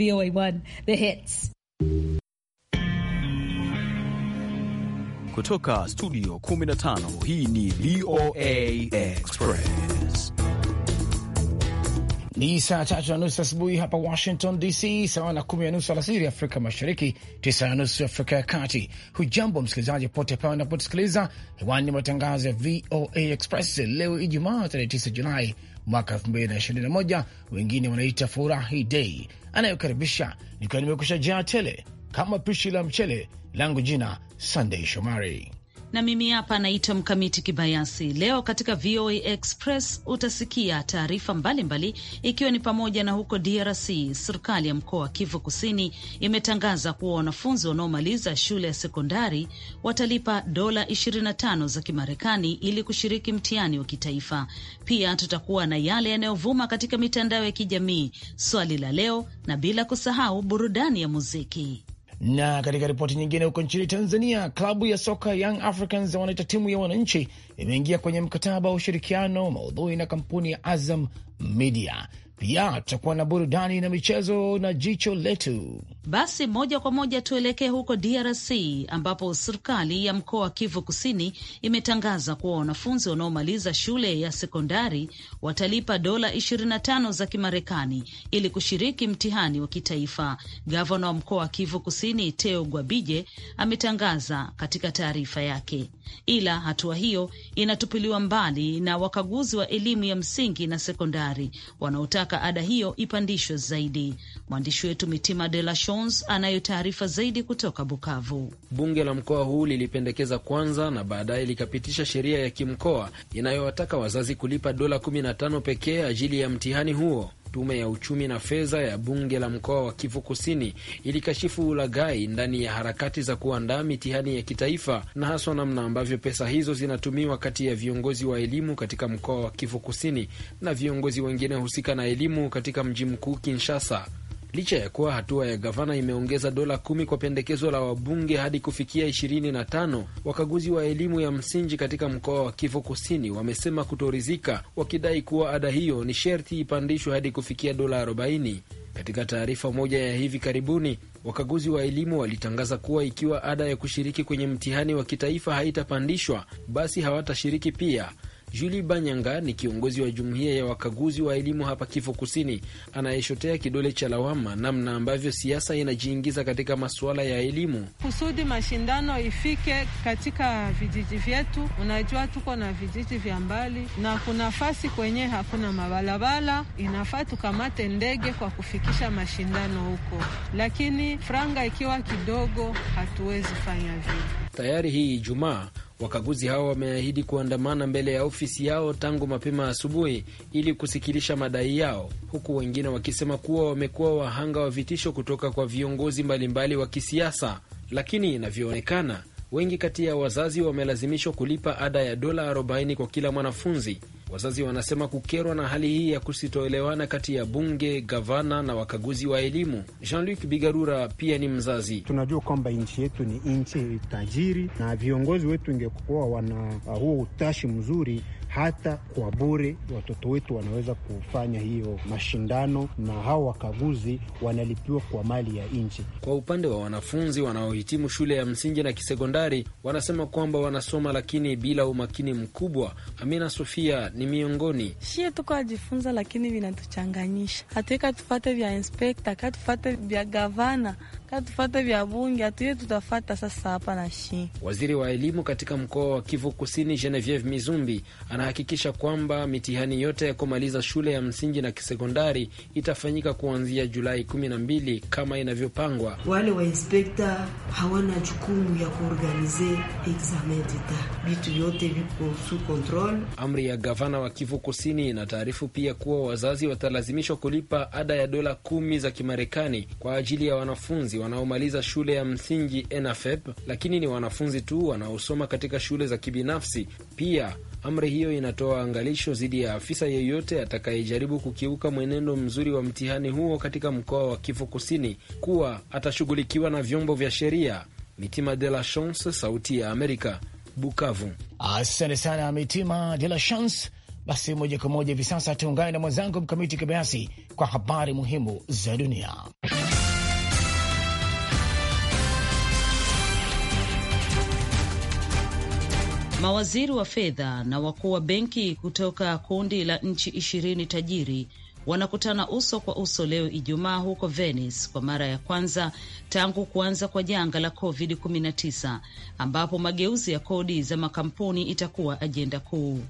VOA1 The Hits. Kutoka studio 15 hii ni VOA Express. Ni saa tatu na nusu asubuhi hapa Washington DC, sawa na kumi na nusu alasiri Afrika Mashariki, tisa na nusu Afrika ya Kati. Hujambo msikilizaji pote pale unapotusikiliza hewani. Ni matangazo ya VOA Express leo Ijumaa tarehe 9 Julai mwaka 2021, wengine wanaita furahi dei anayokaribisha nikiwa nimekusha jaa tele kama pishi la mchele langu. Jina Sandei Shomari na mimi hapa naitwa Mkamiti Kibayasi. Leo katika VOA Express utasikia taarifa mbalimbali, ikiwa ni pamoja na huko DRC, serikali ya mkoa wa Kivu Kusini imetangaza kuwa wanafunzi wanaomaliza shule ya sekondari watalipa dola 25 za Kimarekani ili kushiriki mtihani wa kitaifa. Pia tutakuwa na yale yanayovuma katika mitandao ya kijamii, swali la leo, na bila kusahau burudani ya muziki. Na katika ripoti nyingine, huko nchini Tanzania, klabu ya soka Young Africans wanaita timu ya wananchi imeingia kwenye mkataba wa ushirikiano maudhui na kampuni ya Azam Media. Pia tutakuwa na burudani na michezo na jicho letu. Basi moja kwa moja tuelekee huko DRC ambapo serikali ya mkoa wa Kivu Kusini imetangaza kuwa wanafunzi wanaomaliza shule ya sekondari watalipa dola 25 za Kimarekani ili kushiriki mtihani wa kitaifa. Gavana wa mkoa wa Kivu Kusini Teo Gwabije ametangaza katika taarifa yake, ila hatua hiyo inatupiliwa mbali na wakaguzi wa elimu ya msingi na sekondari wanaotaka wanataka ada hiyo ipandishwe zaidi. Mwandishi wetu Mitima De La Shons anayo taarifa zaidi kutoka Bukavu. Bunge la mkoa huu lilipendekeza kwanza na baadaye likapitisha sheria ya kimkoa inayowataka wazazi kulipa dola 15 pekee ajili ya mtihani huo. Tume ya uchumi na fedha ya bunge la mkoa wa Kivu Kusini ilikashifu ulaghai ndani ya harakati za kuandaa mitihani ya kitaifa na haswa namna ambavyo pesa hizo zinatumiwa kati ya viongozi wa elimu katika mkoa wa Kivu Kusini na viongozi wengine husika na elimu katika mji mkuu Kinshasa licha ya kuwa hatua ya gavana imeongeza dola kumi kwa pendekezo la wabunge hadi kufikia ishirini na tano. Wakaguzi wa elimu ya msingi katika mkoa wa Kivu Kusini wamesema kutoridhika, wakidai kuwa ada hiyo ni sherti ipandishwe hadi kufikia dola arobaini. Katika taarifa moja ya hivi karibuni, wakaguzi wa elimu walitangaza kuwa ikiwa ada ya kushiriki kwenye mtihani wa kitaifa haitapandishwa, basi hawatashiriki pia. Julie Banyanga ni kiongozi wa jumuiya ya wakaguzi wa elimu hapa Kifo Kusini, anayeshotea kidole cha lawama namna ambavyo siasa inajiingiza katika masuala ya elimu, kusudi mashindano ifike katika vijiji vyetu. Unajua tuko na vijiji vya mbali na kunafasi kwenye hakuna mabalabala, inafaa tukamate ndege kwa kufikisha mashindano huko, lakini franga ikiwa kidogo hatuwezi fanya vile. Tayari hii Ijumaa Wakaguzi hao wameahidi kuandamana mbele ya ofisi yao tangu mapema asubuhi ili kusikilisha madai yao, huku wengine wakisema kuwa wamekuwa wahanga wa vitisho kutoka kwa viongozi mbalimbali wa kisiasa. Lakini inavyoonekana, wengi kati ya wazazi wamelazimishwa kulipa ada ya dola 40 kwa kila mwanafunzi Wazazi wanasema kukerwa na hali hii ya kusitoelewana kati ya bunge, gavana na wakaguzi wa elimu. Jean-Luc Bigarura pia ni mzazi. Tunajua kwamba nchi yetu ni nchi tajiri na viongozi wetu ingekuwa wana uh, huo utashi mzuri hata kwa bure. Watoto wetu wanaweza kufanya hiyo mashindano, na hao wakaguzi wanalipiwa kwa mali ya nchi. Kwa upande wa wanafunzi wanaohitimu shule ya msingi na kisekondari, wanasema kwamba wanasoma lakini bila umakini mkubwa. Amina Sofia ni miongoni. Shie tuko ajifunza, lakini vinatuchanganyisha, hatuika tufate vya inspekta katufate vya gavana Katufate vya bunge hatuye tutafata sasa hapa na shi. Waziri wa elimu katika mkoa wa Kivu Kusini, Genevieve Mizumbi, anahakikisha kwamba mitihani yote ya kumaliza shule ya msingi na kisekondari itafanyika kuanzia Julai 12 kama inavyopangwa. Wale wainspekta hawana jukumu ya kuorganize examen d'etat, vitu vyote vipo su control. Amri ya gavana wa Kivu Kusini inataarifu pia kuwa wazazi watalazimishwa kulipa ada ya dola kumi za Kimarekani kwa ajili ya wanafunzi wanaomaliza shule ya msingi ENAFEP, lakini ni wanafunzi tu wanaosoma katika shule za kibinafsi. Pia amri hiyo inatoa angalisho dhidi ya afisa yeyote atakayejaribu kukiuka mwenendo mzuri wa mtihani huo katika mkoa wa Kivu Kusini kuwa atashughulikiwa na vyombo vya sheria. Mitima de la Chance, Sauti ya Amerika, Bukavu. Asante sana Mitima de la Chance. Basi moja kwa moja hivi sasa tuungane na mwenzangu Mkamiti Kibayasi kwa habari muhimu za dunia. Mawaziri wa fedha na wakuu wa benki kutoka kundi la nchi ishirini tajiri wanakutana uso kwa uso leo Ijumaa huko Venice kwa mara ya kwanza tangu kuanza kwa janga la COVID-19 ambapo mageuzi ya kodi za makampuni itakuwa ajenda kuu.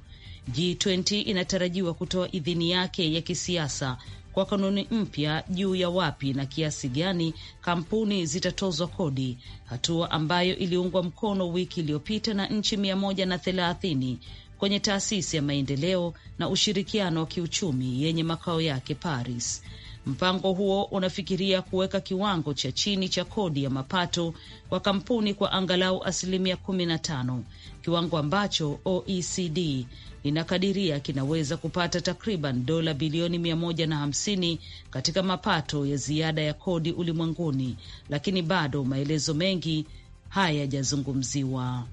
G20 inatarajiwa kutoa idhini yake ya kisiasa kwa kanuni mpya juu ya wapi na kiasi gani kampuni zitatozwa kodi, hatua ambayo iliungwa mkono wiki iliyopita na nchi mia moja na thelathini kwenye taasisi ya maendeleo na ushirikiano wa kiuchumi yenye makao yake Paris. Mpango huo unafikiria kuweka kiwango cha chini cha kodi ya mapato kwa kampuni kwa angalau asilimia kumi na tano, kiwango ambacho OECD inakadiria kinaweza kupata takriban dola bilioni 150 katika mapato ya ziada ya kodi ulimwenguni, lakini bado maelezo mengi hayajazungumziwa.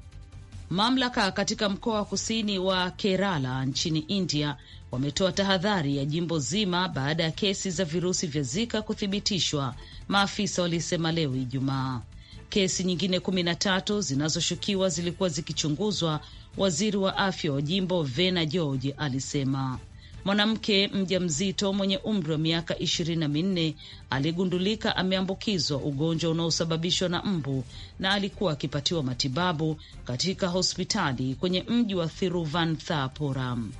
Mamlaka katika mkoa wa kusini wa Kerala nchini India wametoa tahadhari ya jimbo zima baada ya kesi za virusi vya Zika kuthibitishwa, maafisa walisema leo Ijumaa. Kesi nyingine kumi na tatu zinazoshukiwa zilikuwa zikichunguzwa Waziri wa afya wa jimbo Vena George alisema mwanamke mja mzito mwenye umri wa miaka ishirini na minne aligundulika ameambukizwa ugonjwa unaosababishwa na mbu na alikuwa akipatiwa matibabu katika hospitali kwenye mji wa thapuram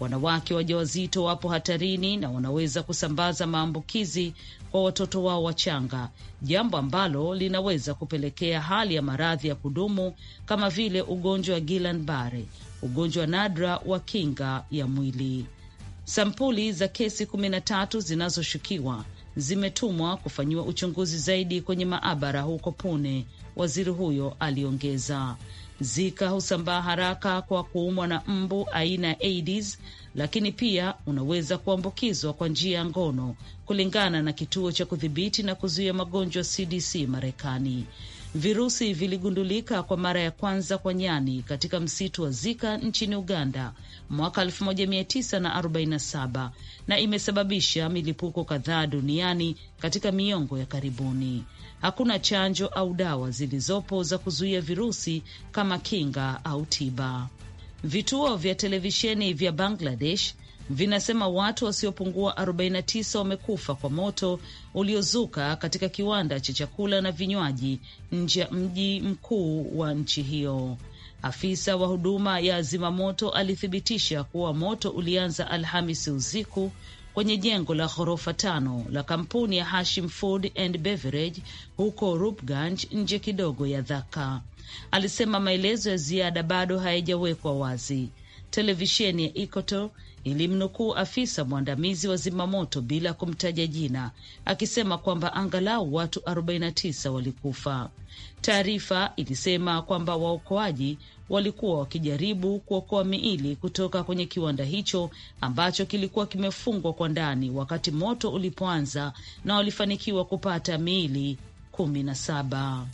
Wanawake wajawazito wapo hatarini na wanaweza kusambaza maambukizi kwa watoto wao wachanga, jambo ambalo linaweza kupelekea hali ya maradhi ya kudumu kama vile ugonjwa wa Guillain-Barre, ugonjwa nadra wa kinga ya mwili. Sampuli za kesi kumi na tatu zinazoshukiwa zimetumwa kufanyiwa uchunguzi zaidi kwenye maabara huko Pune, waziri huyo aliongeza. Zika husambaa haraka kwa kuumwa na mbu aina ya Aedes, lakini pia unaweza kuambukizwa kwa njia ya ngono, kulingana na kituo cha kudhibiti na kuzuia magonjwa CDC Marekani. Virusi viligundulika kwa mara ya kwanza kwa nyani katika msitu wa Zika nchini Uganda mwaka 1947 na, na imesababisha milipuko kadhaa duniani katika miongo ya karibuni. Hakuna chanjo au dawa zilizopo za kuzuia virusi kama kinga au tiba. Vituo vya televisheni vya Bangladesh vinasema watu wasiopungua 49 wamekufa kwa moto uliozuka katika kiwanda cha chakula na vinywaji nje ya mji mkuu wa nchi hiyo. Afisa wa huduma ya zimamoto alithibitisha kuwa moto ulianza Alhamisi usiku kwenye jengo la ghorofa tano la kampuni ya Hashim Food and Beverage huko Rupganj, nje kidogo ya Dhaka. Alisema maelezo ya ziada bado hayajawekwa wazi. Televisheni ya Ecoto ilimnukuu afisa mwandamizi wa zimamoto bila kumtaja jina akisema kwamba angalau watu 49 walikufa. Taarifa ilisema kwamba waokoaji walikuwa wakijaribu kuokoa miili kutoka kwenye kiwanda hicho ambacho kilikuwa kimefungwa kwa ndani wakati moto ulipoanza na walifanikiwa kupata miili kumi na saba.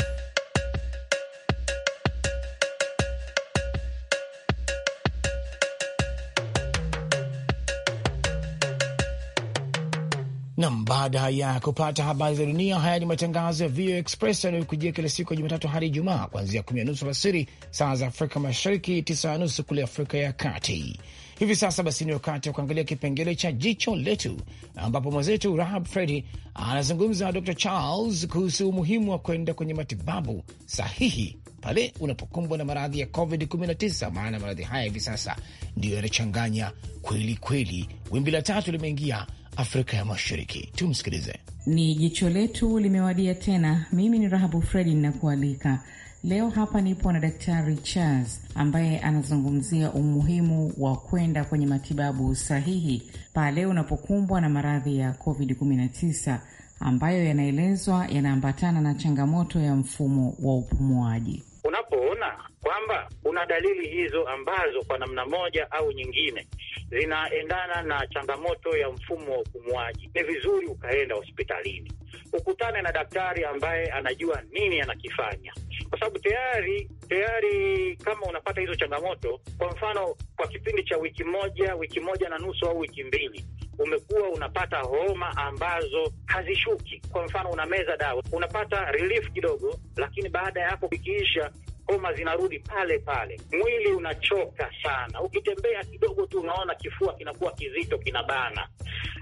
Baada ya kupata habari za dunia, haya ni matangazo ya VOA Express yanayokujia kila siku ya Jumatatu hadi Ijumaa, kuanzia kumi na nusu alasiri saa za Afrika Mashariki, tisa na nusu kule Afrika ya Kati. Hivi sasa basi ni wakati wa kuangalia kipengele cha jicho letu, ambapo mwenzetu Rahab Fredi anazungumza na Dr Charles kuhusu umuhimu wa kwenda kwenye matibabu sahihi pale unapokumbwa na maradhi ya COVID-19, maana maradhi haya hivi sasa ndiyo yanachanganya kweli kweli. Wimbi la tatu limeingia Afrika ya Mashariki. Tumsikilize. Ni jicho letu limewadia tena. Mimi ni Rahabu Fredi ninakualika leo hapa. Nipo na Daktari Charles ambaye anazungumzia umuhimu wa kwenda kwenye matibabu sahihi pale unapokumbwa na maradhi ya COVID-19 ambayo yanaelezwa yanaambatana na changamoto ya mfumo wa upumuaji. Unapoona kwamba kuna dalili hizo ambazo kwa namna moja au nyingine zinaendana na changamoto ya mfumo wa upumuaji, ni vizuri ukaenda hospitalini ukutane na daktari ambaye anajua nini anakifanya, kwa sababu tayari tayari kama unapata hizo changamoto, kwa mfano kwa kipindi cha wiki moja, wiki moja na nusu au wiki mbili umekuwa unapata homa ambazo hazishuki. Kwa mfano, unameza dawa unapata relief kidogo, lakini baada ya hapo ikiisha, homa zinarudi pale pale, mwili unachoka sana, ukitembea kidogo tu unaona kifua kinakuwa kizito, kinabana,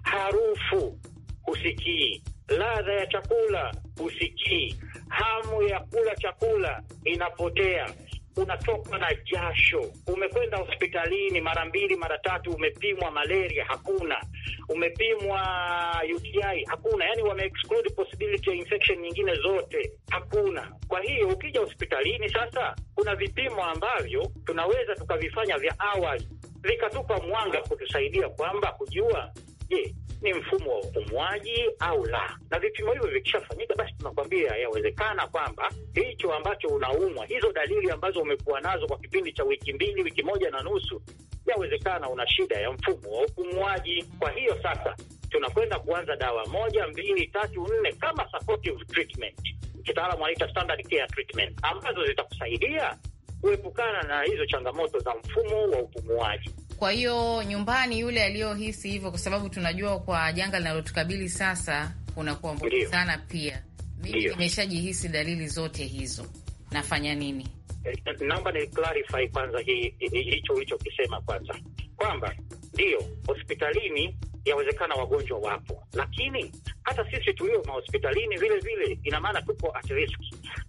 harufu husikii, ladha ya chakula husikii, hamu ya kula chakula inapotea unatokwa na jasho, umekwenda hospitalini mara mbili mara tatu, umepimwa malaria hakuna, umepimwa UTI hakuna, yani wame exclude possibility ya infection nyingine zote hakuna. Kwa hiyo ukija hospitalini sasa, kuna vipimo ambavyo tunaweza tukavifanya vya awali vikatupa mwanga kutusaidia kwamba kujua je, ni mfumo wa upumuaji au la. Na vipimo hivyo vikishafanyika, basi tunakwambia yawezekana kwamba hicho ambacho unaumwa, hizo dalili ambazo umekuwa nazo kwa kipindi cha wiki mbili, wiki moja na nusu, yawezekana una shida ya mfumo wa upumuaji. Kwa hiyo sasa tunakwenda kuanza dawa moja, mbili, tatu, nne kama supportive treatment, kitaalamu anaita standard care treatment, ambazo zitakusaidia kuepukana na hizo changamoto za mfumo wa upumuaji. Kwa hiyo nyumbani, yule aliyohisi hivyo, kwa sababu tunajua kwa janga linalotukabili sasa kuna kuambukizana pia. Mimi nimeshajihisi dalili zote hizo, nafanya nini? Eh, naomba ni clarify kwanza hicho ulichokisema kwanza, kwamba ndio hospitalini yawezekana wagonjwa wapo, lakini hata sisi tulio mahospitalini vile vile, ina maana tuko at risk,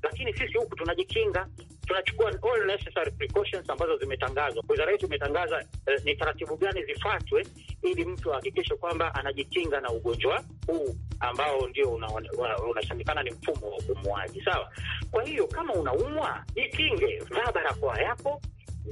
lakini sisi huku tunajikinga tunachukua all necessary precautions ambazo zimetangazwa. Wizara yetu imetangaza eh, ni taratibu gani zifuatwe ili mtu ahakikishe kwamba anajikinga na ugonjwa huu ambao ndio unasemekana una, una ni mfumo wa upumuaji. Sawa. Kwa hiyo kama unaumwa, jikinge, vaa barakoa yako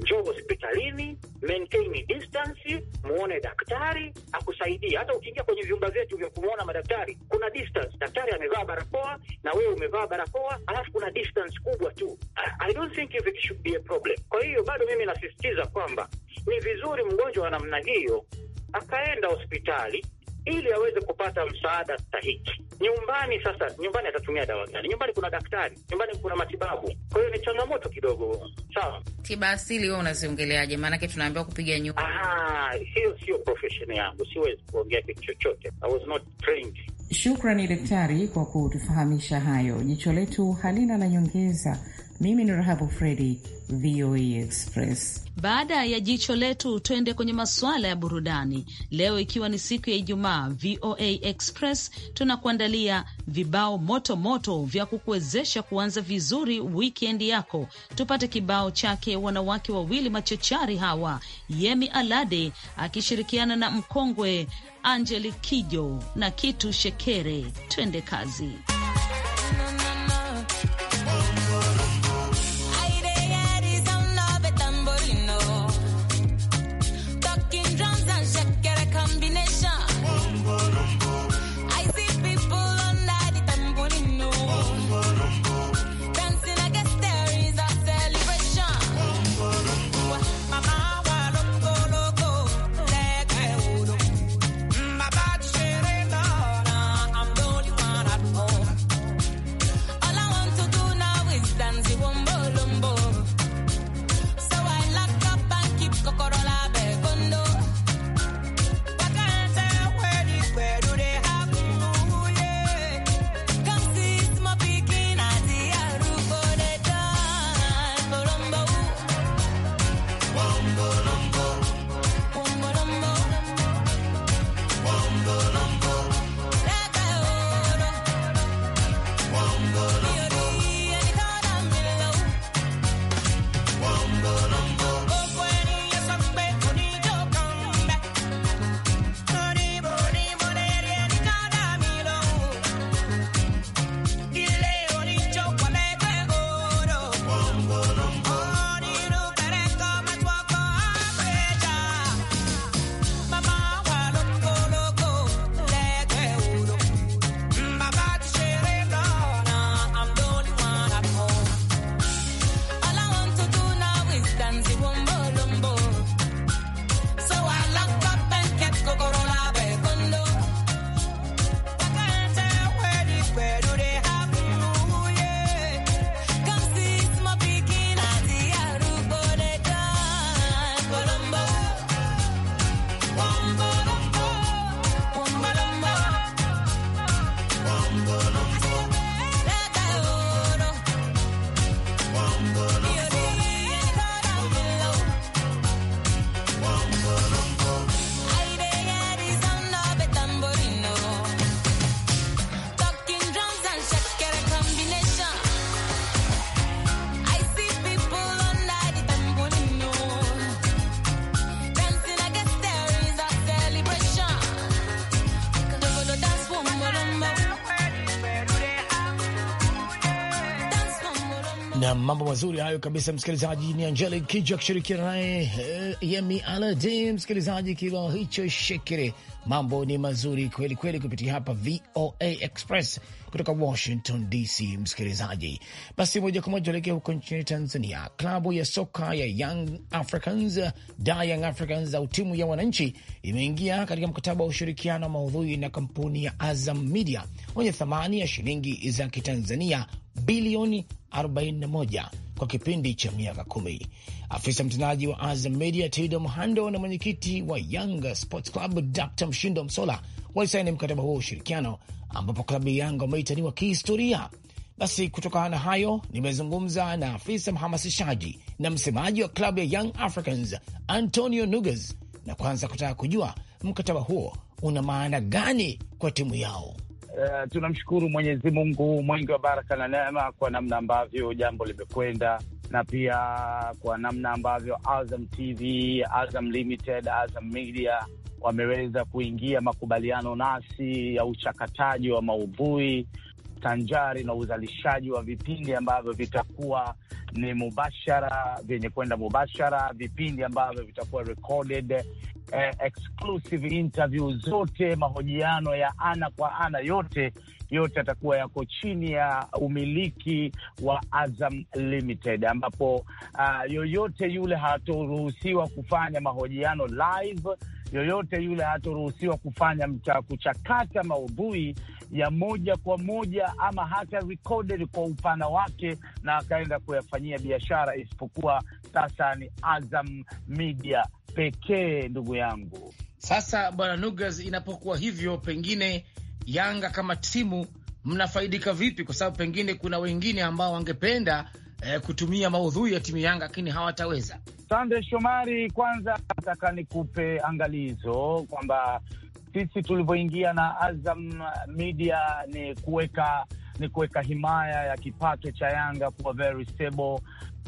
njoo hospitalini, maintain distance, muone daktari akusaidie. Hata ukiingia kwenye vyumba vyetu vya kumwona madaktari kuna distance, daktari amevaa barakoa na wewe umevaa barakoa, alafu kuna distance kubwa tu. I don't think if it should be a problem. Kwa hiyo bado mimi nasisitiza kwamba ni vizuri mgonjwa wa namna hiyo akaenda hospitali ili aweze kupata msaada stahiki nyumbani. Sasa nyumbani atatumia dawa gani? Nyumbani kuna daktari, nyumbani kuna matibabu. Kwa hiyo ni changamoto kidogo. Sawa, tiba asili wewe unaziongeleaje? Maanake tunaambiwa kupiga nyumbani. hiyo sio profession yangu, siwezi kuongea kitu chochote. I was not trained. Shukrani daktari kwa kutufahamisha hayo. Jicho letu halina na nyongeza mimi ni Rahabu Fredi, VOA e Express. Baada ya jicho letu, twende kwenye masuala ya burudani. Leo ikiwa ni siku ya Ijumaa, VOA e Express tunakuandalia vibao moto moto vya kukuwezesha kuanza vizuri wikendi yako. Tupate kibao chake wanawake wawili machochari hawa, Yemi Alade akishirikiana na mkongwe Angeli Kijo na Kitu Shekere. Twende kazi. mazuri hayo kabisa, msikilizaji. Ni Angelic Kija kushirikiana naye eh, Yemi Alade, msikilizaji, kilo hicho shekere. Mambo ni mazuri kweli kweli kupitia hapa VOA Express kutoka Washington DC. Msikilizaji, basi moja kwa moja tuelekea huko nchini Tanzania. Klabu ya soka ya Young Africans, da Young Africans au timu ya wananchi imeingia katika mkataba wa ushirikiano wa maudhui na kampuni ya Azam Media wenye thamani ya shilingi za kitanzania bilioni 41 kwa kipindi cha miaka kumi. Afisa mtendaji wa Azam Media tido Muhando na mwenyekiti wa Yanga Sports Club Dr Mshindo Msola walisaini mkataba huo wa ushirikiano, ambapo klabu ya Yanga wameitaniwa kihistoria. Basi kutokana na hayo, nimezungumza na afisa mhamasishaji na msemaji wa klabu ya Young Africans Antonio Nuges, na kwanza kutaka kujua mkataba huo una maana gani kwa timu yao. Uh, tunamshukuru Mwenyezi Mungu mwingi wa baraka na neema kwa namna ambavyo jambo limekwenda na pia kwa namna ambavyo Azam TV, Azam Limited, Azam Media wameweza kuingia makubaliano nasi ya uchakataji wa maudhui tanjari na uzalishaji wa vipindi ambavyo vitakuwa ni mubashara, vyenye kwenda mubashara, vipindi ambavyo vitakuwa recorded eh, exclusive interview zote, mahojiano ya ana kwa ana, yote yote atakuwa yako chini ya umiliki wa Azam Limited, ambapo uh, yoyote yule hatoruhusiwa kufanya mahojiano live yoyote yule hatoruhusiwa kufanya mcha, kuchakata maudhui ya moja kwa moja ama hata recorded kwa upana wake na akaenda kuyafanyia biashara, isipokuwa sasa ni Azam Media pekee, ndugu yangu. Sasa bwana Nugas, inapokuwa hivyo, pengine Yanga kama timu mnafaidika vipi? Kwa sababu pengine kuna wengine ambao wangependa eh, kutumia maudhui ya timu Yanga, lakini hawataweza. Sande Shomari, kwanza nataka nikupe angalizo kwamba sisi tulivyoingia na Azam Media ni kuweka ni kuweka himaya ya kipato cha Yanga kuwa very stable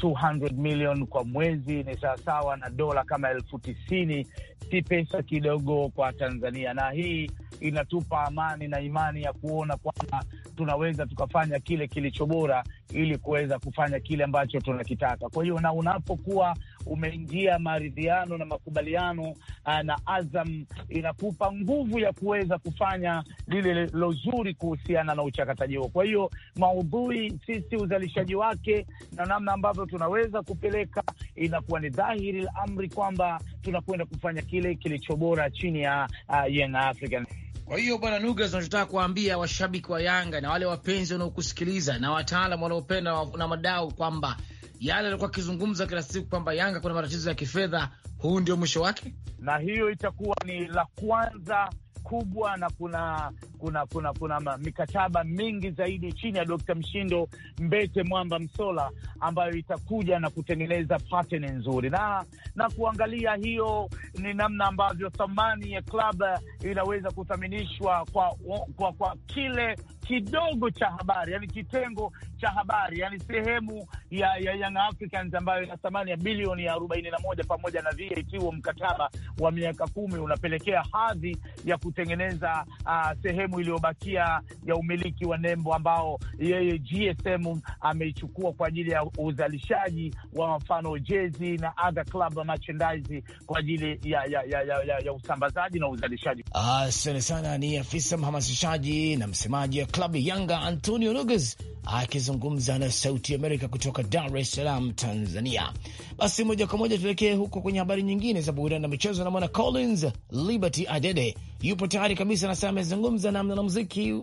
200 million kwa mwezi ni sawasawa na dola kama elfu tisini. Si pesa kidogo kwa Tanzania, na hii inatupa amani na imani ya kuona kwamba tunaweza tukafanya kile kilicho bora ili kuweza kufanya kile ambacho tunakitaka. Kwa hiyo, na unapokuwa umeingia maridhiano na makubaliano ah, na Azam, inakupa nguvu ya kuweza kufanya lile lozuri kuhusiana na uchakataji huo. Kwa hiyo, maudhui sisi, uzalishaji wake na namna ambavyo tunaweza kupeleka, inakuwa ni dhahiri la amri kwamba tunakwenda kufanya kile kilicho bora chini ya uh, Young African kwa hiyo bwana Nugas, nachotaka kuwaambia washabiki wa Yanga na wale wapenzi wanaokusikiliza na wataalam wanaopenda na madau kwamba yale alikuwa akizungumza kila siku kwamba Yanga kuna matatizo ya kifedha, huu ndio mwisho wake, na hiyo itakuwa ni la kwanza kubwa na kuna kuna kuna kuna mikataba mingi zaidi chini ya Dkt. Mshindo Mbete Mwamba Msola ambayo itakuja na kutengeneza pattern nzuri na na kuangalia hiyo ni namna ambavyo thamani ya klabu inaweza kuthaminishwa kwa, kwa, kwa kile kidogo cha habari, yani kitengo cha habari, yani sehemu ya, ya Young Africans ambayo ina thamani ya bilioni ya arobaini na moja pamoja na VAT. Huo mkataba wa miaka kumi unapelekea hadhi ya kutengeneza uh, sehemu iliyobakia ya umiliki wa nembo ambao yeye GSM ameichukua kwa ajili ya uzalishaji wa mfano jezi na other club merchandise kwa ajili ya, ya, ya, ya, ya, ya usambazaji na uzalishaji. Asante sana, ni afisa mhamasishaji na msemaji klabu ya Yanga Antonio Nuges akizungumza na Sauti Amerika kutoka Dar es Salaam, Tanzania. Basi moja kwa moja tuelekee huko kwenye habari nyingine za burudani na michezo. Namwona Collins Liberty Adede yupo tayari kabisa, anasema amezungumza na mwanamuziki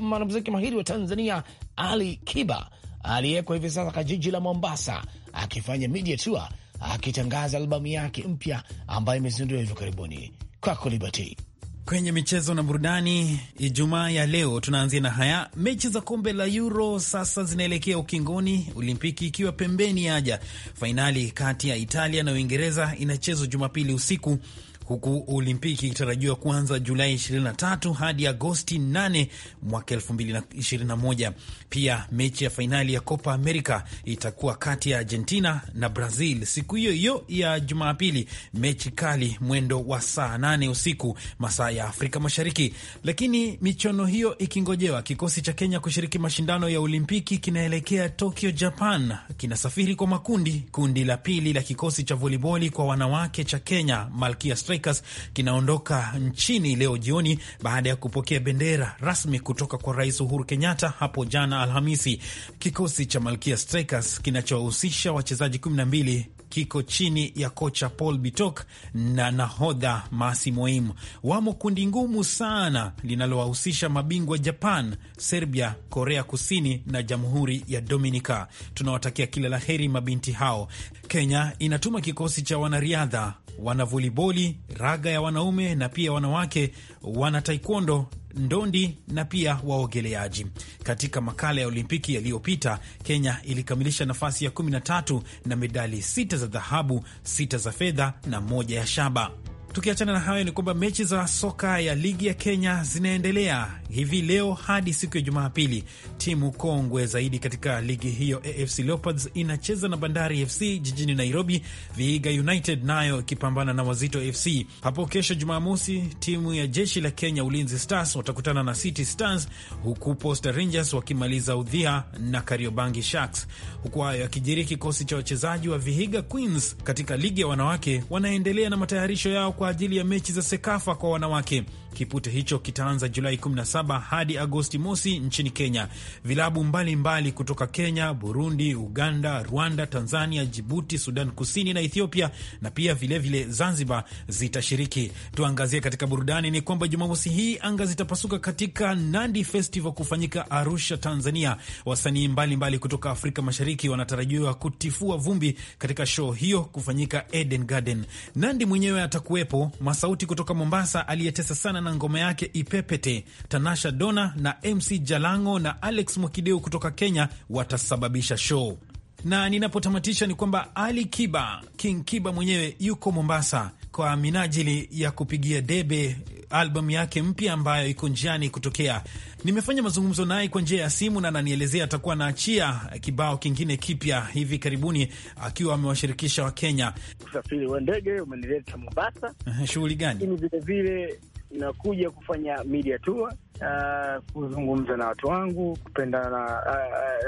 mwanamuziki mahiri wa Tanzania Ali Kiba aliyekwa hivi sasa ka jiji la Mombasa akifanya media tour akitangaza albamu yake mpya ambayo imezinduliwa hivi karibuni. Kwako Liberty. Kwenye michezo na burudani Ijumaa ya leo tunaanzia na haya. Mechi za kombe la Euro sasa zinaelekea ukingoni, Olimpiki ikiwa pembeni. Haja fainali kati ya Italia na Uingereza inachezwa Jumapili usiku huku Olimpiki ikitarajiwa kuanza Julai 23 hadi Agosti 8 mwaka 2021. Pia mechi ya fainali ya Copa America itakuwa kati ya Argentina na Brazil siku hiyo hiyo ya Jumapili, mechi kali mwendo wa saa 8 usiku masaa ya Afrika Mashariki. Lakini michuano hiyo ikingojewa, kikosi cha Kenya kushiriki mashindano ya Olimpiki kinaelekea Tokyo, Japan. Kinasafiri kwa makundi, kundi la pili la kikosi cha voliboli kwa wanawake cha Kenya, Malkia Strikers kinaondoka nchini leo jioni baada ya kupokea bendera rasmi kutoka kwa Rais Uhuru Kenyatta hapo jana Alhamisi. Kikosi cha Malkia Strikers kinachohusisha wachezaji 12 kiko chini ya kocha Paul Bitok na nahodha Masi Moim. Wamo kundi ngumu sana linalowahusisha mabingwa Japan, Serbia, Korea Kusini na Jamhuri ya Dominica. Tunawatakia kila la heri mabinti hao. Kenya inatuma kikosi cha wanariadha wanavoliboli, raga ya wanaume na pia wanawake, wana taekwondo ndondi na pia waogeleaji. Katika makala ya Olimpiki yaliyopita, Kenya ilikamilisha nafasi ya 13 na medali sita za dhahabu, sita za fedha na moja ya shaba. Tukiachana na hayo, ni kwamba mechi za soka ya ligi ya Kenya zinaendelea hivi leo hadi siku ya Jumapili, timu kongwe zaidi katika ligi hiyo AFC Leopards inacheza na Bandari FC jijini Nairobi, Vihiga United nayo ikipambana na Wazito FC. Hapo kesho Jumamosi, timu ya jeshi la Kenya Ulinzi Stars watakutana na City Stars, huku Posta Rangers wakimaliza udhia na Kariobangi Sharks. Huku hayo yakijiri, kikosi cha wachezaji wa Vihiga Queens katika ligi ya wanawake wanaendelea na matayarisho yao kwa ajili ya mechi za Sekafa kwa wanawake. Kipute hicho kitaanza Julai 17 hadi Agosti mosi nchini Kenya. Vilabu mbalimbali mbali kutoka Kenya, Burundi, Uganda, Rwanda, Tanzania, Jibuti, Sudan Kusini na Ethiopia na pia vilevile vile Zanzibar zitashiriki. Tuangazie katika burudani ni kwamba Jumamosi hii anga zitapasuka katika Nandi Festival kufanyika Arusha, Tanzania. Wasanii mbalimbali kutoka Afrika Mashariki wanatarajiwa kutifua vumbi katika show hiyo kufanyika Eden Garden. Nandi mwenyewe atakuwepo. Masauti kutoka Mombasa aliyetesa sana na ngoma yake Ipepete. Tanasha Dona na MC Jalango na Alex Mwakideu kutoka Kenya watasababisha show na ninapotamatisha ni kwamba Ali Kiba, King Kiba mwenyewe yuko Mombasa kwa minajili ya kupigia debe albamu yake mpya ambayo iko njiani kutokea. Nimefanya mazungumzo naye kwa njia ya simu na ananielezea atakuwa anaachia kibao kingine kipya hivi karibuni, akiwa amewashirikisha Wakenya. Usafiri wa ndege umenileta Mombasa. Shughuli gani? Lakini vilevile nakuja kufanya media tour uh, kuzungumza na watu wangu, kupendana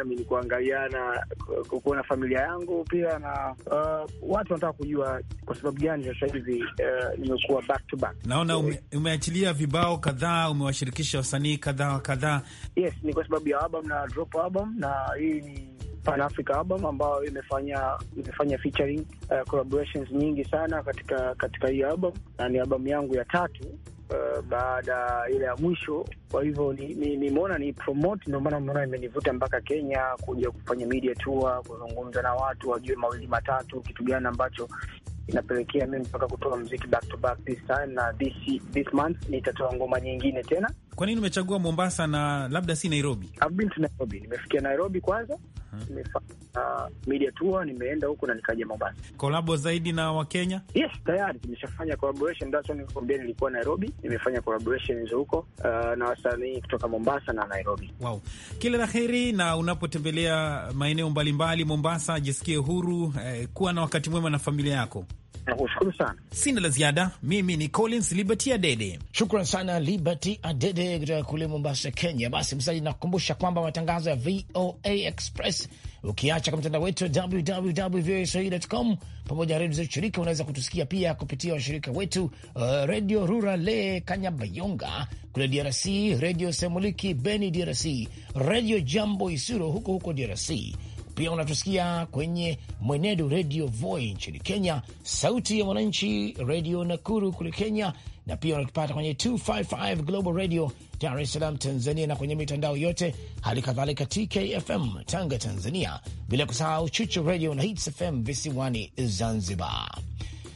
uh, uh, kuangaliana, kuona familia yangu pia na uh, watu wanataka kujua kwa sababu gani sasa hivi uh, nimekuwa back to back. Naona ume, umeachilia vibao kadhaa, umewashirikisha wasanii kadhaa kadhaa. Yes, ni kwa sababu ya album na drop album na hii ni Pan Africa album ambayo imefanya imefanya featuring uh, collaborations nyingi sana katika katika hii album, na ni albamu yangu ya tatu uh, baada ile ya mwisho. Kwa hivyo nimeona ni, ni ni promote, ndio maana mnaona imenivuta mpaka Kenya kuja kufanya media tour, kuzungumza na watu wajue mawili matatu, kitu gani ambacho inapelekea mimi mpaka kutoa mziki back to back this time na this, this month nitatoa ngoma nyingine tena. Kwa nini umechagua Mombasa na labda si Nairobi? I've been to Nairobi, nimefikia Nairobi kwanza Mhm. nimefanya uh, media tour, nimeenda huko na nikaja Mombasa. Kolabo zaidi na Wakenya? Yes, tayari nimeshafanya collaboration, that's why nilikwambia nilikuwa Nairobi, nimefanya collaboration hizo huko uh, na wasanii kutoka Mombasa na Nairobi. Wow, kila la heri, na unapotembelea maeneo mbalimbali Mombasa, jisikie huru eh, kuwa na wakati mwema na familia yako. Nakushukuru sana, sina la ziada. Mimi ni Collins Liberty Adede. Shukran sana Liberty Adede kutoka kule Mombasa, Kenya. Basi msaji, nakukumbusha kwamba matangazo ya VOA Express ukiacha kwa mtandao wetu wa www.voaswahili.com pamoja na redio zetu shirika. Unaweza kutusikia pia kupitia washirika wetu uh, redio Rurale Kanyabayonga kule DRC, redio Semuliki Beni DRC, redio Jambo Isiro huko huko DRC. Pia unatusikia kwenye mwenedo redio Voi nchini Kenya, sauti ya mwananchi redio Nakuru kule Kenya na pia unatupata kwenye 255 Global Radio Dar es Salaam, Tanzania, na kwenye mitandao yote, hali kadhalika TKFM Tanga, Tanzania, bila kusahau Chuchu Radio na Hits FM visiwani Zanzibar.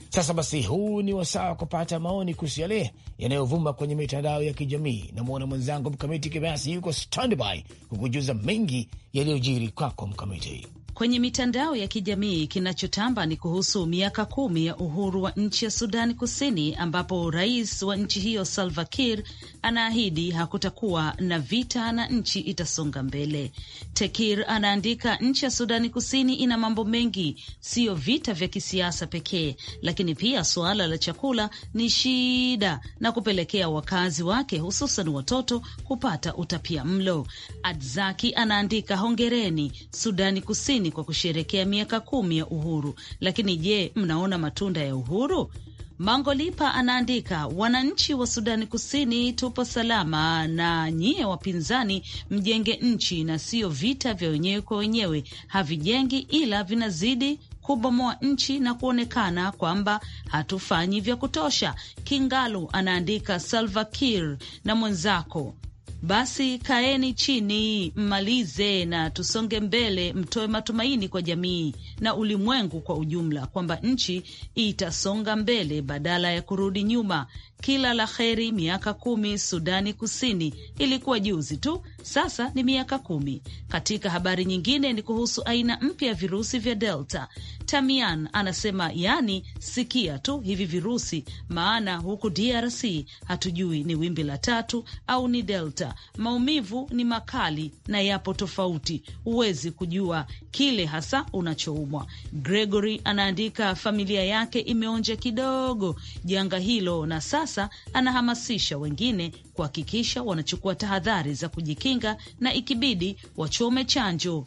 Sasa basi, huu ni wasaa wa kupata maoni kuhusu yale yanayovuma kwenye mitandao ya kijamii. Namwona mwenzangu Mkamiti Kibayasi yuko standby kukujuza mengi yaliyojiri kwako, Mkamiti. Kwenye mitandao ya kijamii kinachotamba ni kuhusu miaka kumi ya uhuru wa nchi ya Sudani Kusini, ambapo rais wa nchi hiyo Salva Kiir anaahidi hakutakuwa na vita na nchi itasonga mbele. Tekir anaandika, nchi ya Sudani Kusini ina mambo mengi, siyo vita vya kisiasa pekee, lakini pia suala la chakula ni shida na kupelekea wakazi wake hususan watoto kupata utapia mlo. Adzaki anaandika, hongereni Sudani Kusini duniani kwa kusherekea miaka kumi ya uhuru. Lakini je, mnaona matunda ya uhuru? Mangolipa anaandika, wananchi wa Sudani Kusini tupo salama, na nyie wapinzani mjenge nchi, na siyo vita vya wenyewe kwa wenyewe, havijengi ila vinazidi kubomoa nchi na kuonekana kwamba hatufanyi vya kutosha. Kingalu anaandika, Salva Kiir na mwenzako basi kaeni chini, mmalize na tusonge mbele, mtoe matumaini kwa jamii na ulimwengu kwa ujumla kwamba nchi itasonga mbele badala ya kurudi nyuma. Kila la heri miaka kumi Sudani Kusini. Ilikuwa juzi tu, sasa ni miaka kumi. Katika habari nyingine ni kuhusu aina mpya ya virusi vya Delta. Tamian anasema yani, sikia tu hivi virusi, maana huku DRC hatujui ni wimbi la tatu au ni Delta. Maumivu ni makali na yapo tofauti, huwezi kujua kile hasa unachoumwa. Gregory anaandika familia yake imeonja kidogo janga hilo na sasa sasa anahamasisha wengine kuhakikisha wanachukua tahadhari za kujikinga na ikibidi wachome chanjo.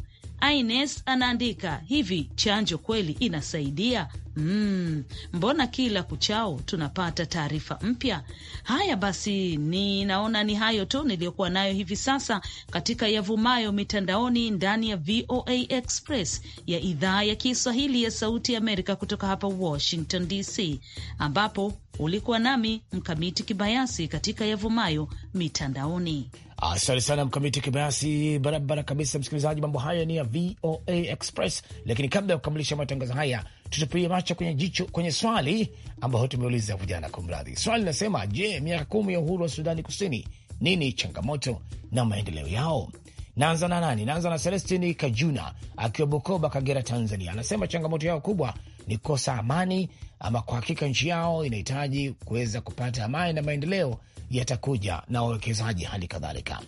Ines anaandika hivi, chanjo kweli inasaidia? Mm, mbona kila kuchao tunapata taarifa mpya? Haya basi, ninaona ni hayo tu niliyokuwa nayo hivi sasa katika yavumayo mitandaoni ndani ya VOA Express ya idhaa ya Kiswahili ya Sauti ya Amerika kutoka hapa Washington DC, ambapo ulikuwa nami Mkamiti Kibayasi katika yavumayo mitandaoni. Asante sana Mkamiti Kibayasi, barabara kabisa. Msikilizaji, mambo haya ni ya VOA Express, lakini kabla ya kukamilisha matangazo haya tutapia macho kwenye jicho kwenye swali ambayo tumeuliza vijana jana. Kumradhi, swali linasema je, miaka kumi ya uhuru wa Sudani Kusini, nini changamoto na maendeleo yao? Naanza na nani? Naanza na Celestini Kajuna akiwa Bukoba, Kagera, Tanzania. Anasema changamoto yao kubwa ni kukosa amani, ama kwa hakika nchi yao inahitaji kuweza kupata amani na maendeleo yatakuja na wawekezaji hali kadhalika.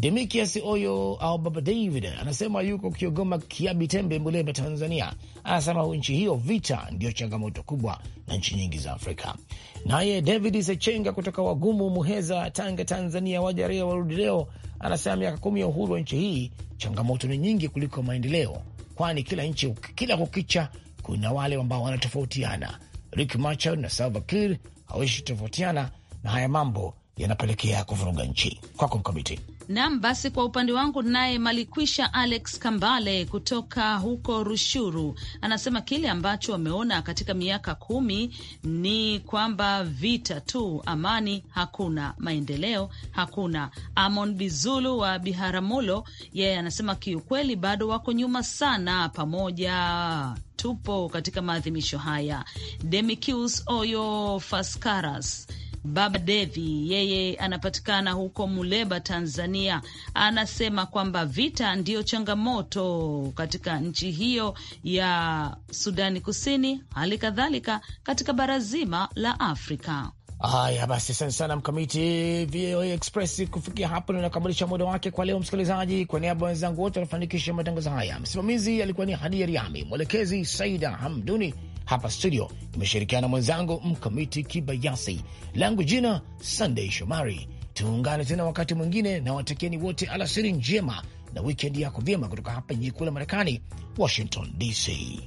Demikias Oyo au Baba David anasema yuko Kiogoma, Kiabi Tembe, Muleba, Tanzania. Anasema nchi hiyo vita ndiyo changamoto kubwa na nchi nyingi za Afrika. Naye David Sechenga kutoka Wagumu, Muheza, Tanga, Tanzania, waja warudi leo, anasema miaka kumi ya uhuru wa nchi hii changamoto ni nyingi kuliko maendeleo, kwani kila nchi kila kukicha kuna wale ambao wanatofautiana. Riek Machar na Salva Kiir hawishi tofautiana na haya mambo yanapelekea kuvuruga nchi. Kwako Mkamiti. Naam, basi kwa upande wangu naye malikwisha Alex Kambale kutoka huko Rushuru anasema kile ambacho wameona katika miaka kumi ni kwamba vita tu, amani hakuna, maendeleo hakuna. Amon Bizulu wa Biharamulo yeye anasema kiukweli bado wako nyuma sana, pamoja tupo katika maadhimisho haya. Demikius Oyo Faskaras Baba Devi yeye anapatikana huko Muleba, Tanzania, anasema kwamba vita ndiyo changamoto katika nchi hiyo ya Sudani Kusini, hali kadhalika katika bara zima la Afrika. Haya basi, asante sana Mkamiti. VOA Express kufikia hapo inakamilisha muda wake kwa leo. Msikilizaji, kwa niaba wenzangu wote wanafanikisha matangazo haya, msimamizi alikuwa ni Hadia Riami, mwelekezi Saida Hamduni. Hapa studio imeshirikiana mwenzangu Mkamiti Kibayasi, langu jina Sunday Shomari. Tuungane tena wakati mwingine, na watakieni wote alasiri njema na wikendi yako vyema, kutoka hapa jiji kuu la Marekani, Washington DC.